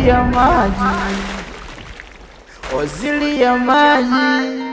Ozili ya maji, ozili ya maji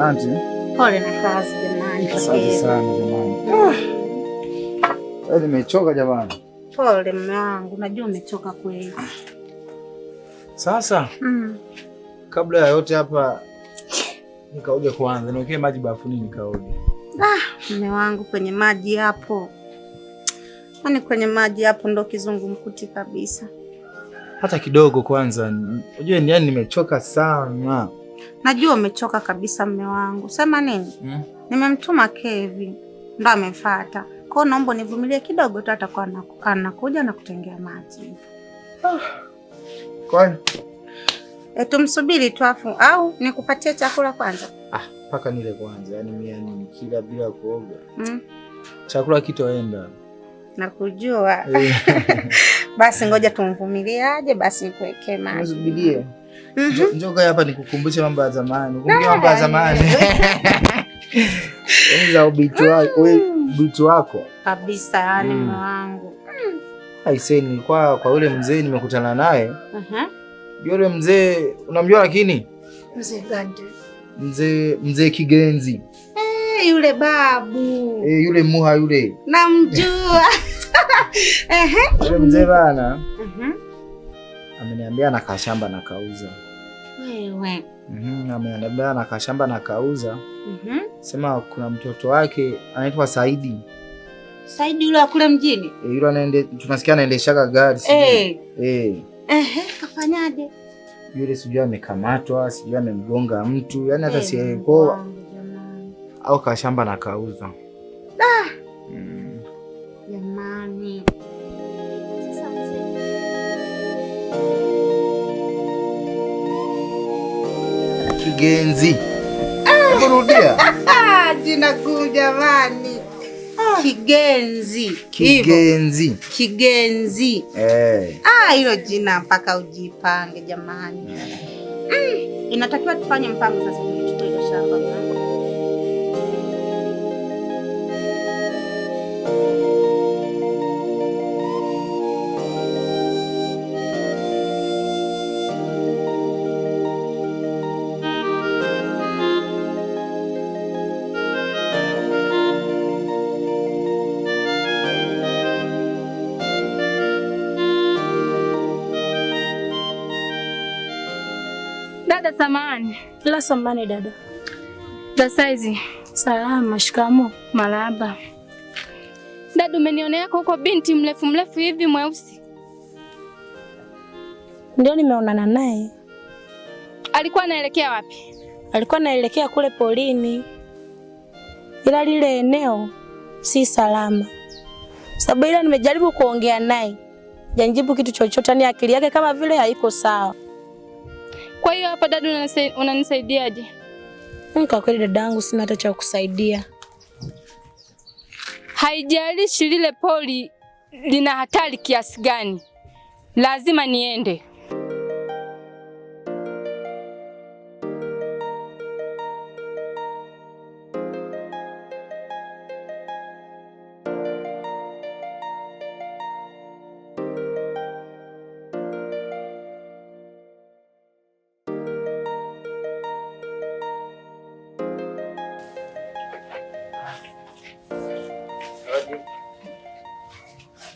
Asante. Pole na kazi jamani. Asante sana jamani. Ah. Nimechoka jamani. Pole mume wangu, najua umechoka kweli. Sasa mm. Kabla ya yote hapa nikaoge kwanza, niwekee maji bafuni nikaoge. Ah, mume wangu kwenye maji hapo, yaani kwenye maji hapo ndo kizungumkuti kabisa, hata kidogo. Kwanza ni yani nimechoka sana Najua umechoka kabisa mme wangu, sema nini? Mm. Nimemtuma Kevin ndo amefata kwao, naomba nivumilie kidogo tu, atakuwa anakuja na kutengea maji. Ah. E, tumsubiri tu afu au nikupatie chakula kwanza? Ah, paka nile kwanza. Yaani mimi yani nikila bila kuoga. Mm. Chakula kitoenda. Nakujua. Eh. Basi ngoja tumvumiliaje, basi nikuwekee maji. mm. Mhm. Njoka hapa nikukumbushe mambo ya zamani, mambo ya zamani za mm. ubitu wako kabisa, yani mm. mwanangu. Mm. Aisee, nilikuwa kwa yule mzee nimekutana naye mhm. yule mzee unamjua? Lakini mzee gani? Mzee mzee Kigenzi. Eh, yule babu. Eh, yule muha yule namjua. yule mzee bana. Mhm ameniambia na kashamba na kauza. Wewe. Mhm, ameniambia na kashamba na kauza. Mhm. Sema kuna mtoto wake anaitwa Saidi. Saidi yule akule mjini? Eh, yule anaende tunasikia anaendeshaga gari. Eh. Eh. kafanyaje? Yule sijui amekamatwa, sijui amemgonga mtu, yaani hata hey, eh, si au kashamba na kauza. kigenzi. Ah! Rudia. Jina kuu jamani. Ah. Kigenzi. Kigenzi. Kigenzi. Eh. Ah, hilo jina mpaka ujipange jamani. Eh. Mm, inatakiwa tufanye mpango sasa tuchukue ile shamba. Samani. La samani dada. Za saizi. Salama, shikamo. Marahaba. Dada, umenionea huko binti mrefu mrefu hivi mweusi? Ndio nimeonana naye. Alikuwa anaelekea wapi? Alikuwa anaelekea kule polini, ila lile eneo si salama, sababu ila nimejaribu kuongea naye, janjibu kitu chochote, ni yaani akili yake kama vile haiko sawa. Kwa hiyo hapa dada, unanisaidiaje? Mimi kwa kweli dadangu, sina hata cha kukusaidia. Haijalishi lile poli lina hatari kiasi gani, lazima niende.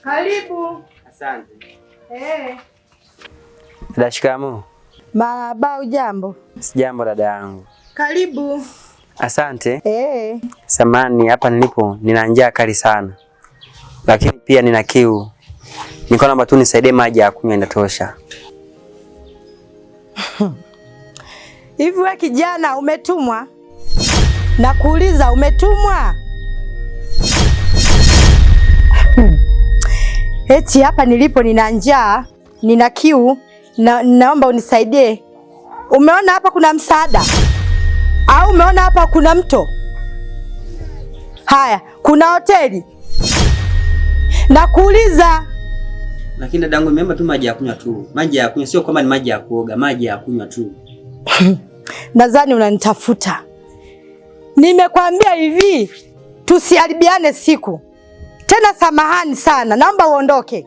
Karibu. Asante. Eh. Dada, shikamoo. Marahaba, ujambo? Sijambo dada yangu. Karibu. Asante. Eh. Samani, hapa nilipo nina njaa kali sana, lakini pia nina kiu. Niko naomba tu nisaidie maji ya kunywa, inatosha hivi? wewe kijana, umetumwa? Nakuuliza, umetumwa? eti hapa nilipo nina njaa, nina kiu na, naomba unisaidie. Umeona hapa kuna msaada au umeona hapa kuna mto? Haya, kuna hoteli na kuuliza. Lakini dadangu, nimeomba tu maji ya kunywa tu, maji ya kunywa, sio kwamba ni maji ya kuoga, maji ya kunywa tu. Nadhani unanitafuta. Nimekwambia hivi, tusiharibiane siku tena samahani sana, naomba uondoke,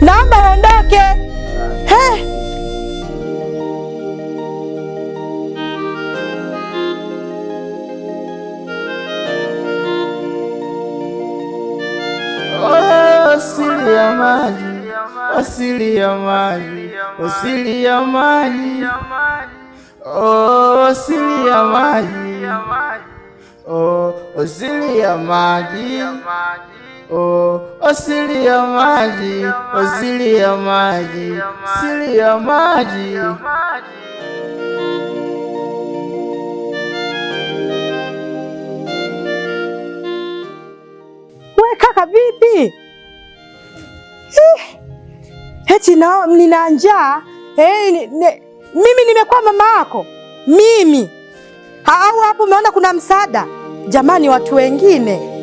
naomba uondoke. He. Asili ya maji, asili ya maji, asili ya maji, asili ya maji oh, asili ya maji oh, asili ya maji asili ya maji asili ya maji we kaka, vipi? Eh, eti nina njaa. Hey, eh, mimi nimekuwa mama yako mimi au hapo umeona kuna msaada? Jamani, watu wengine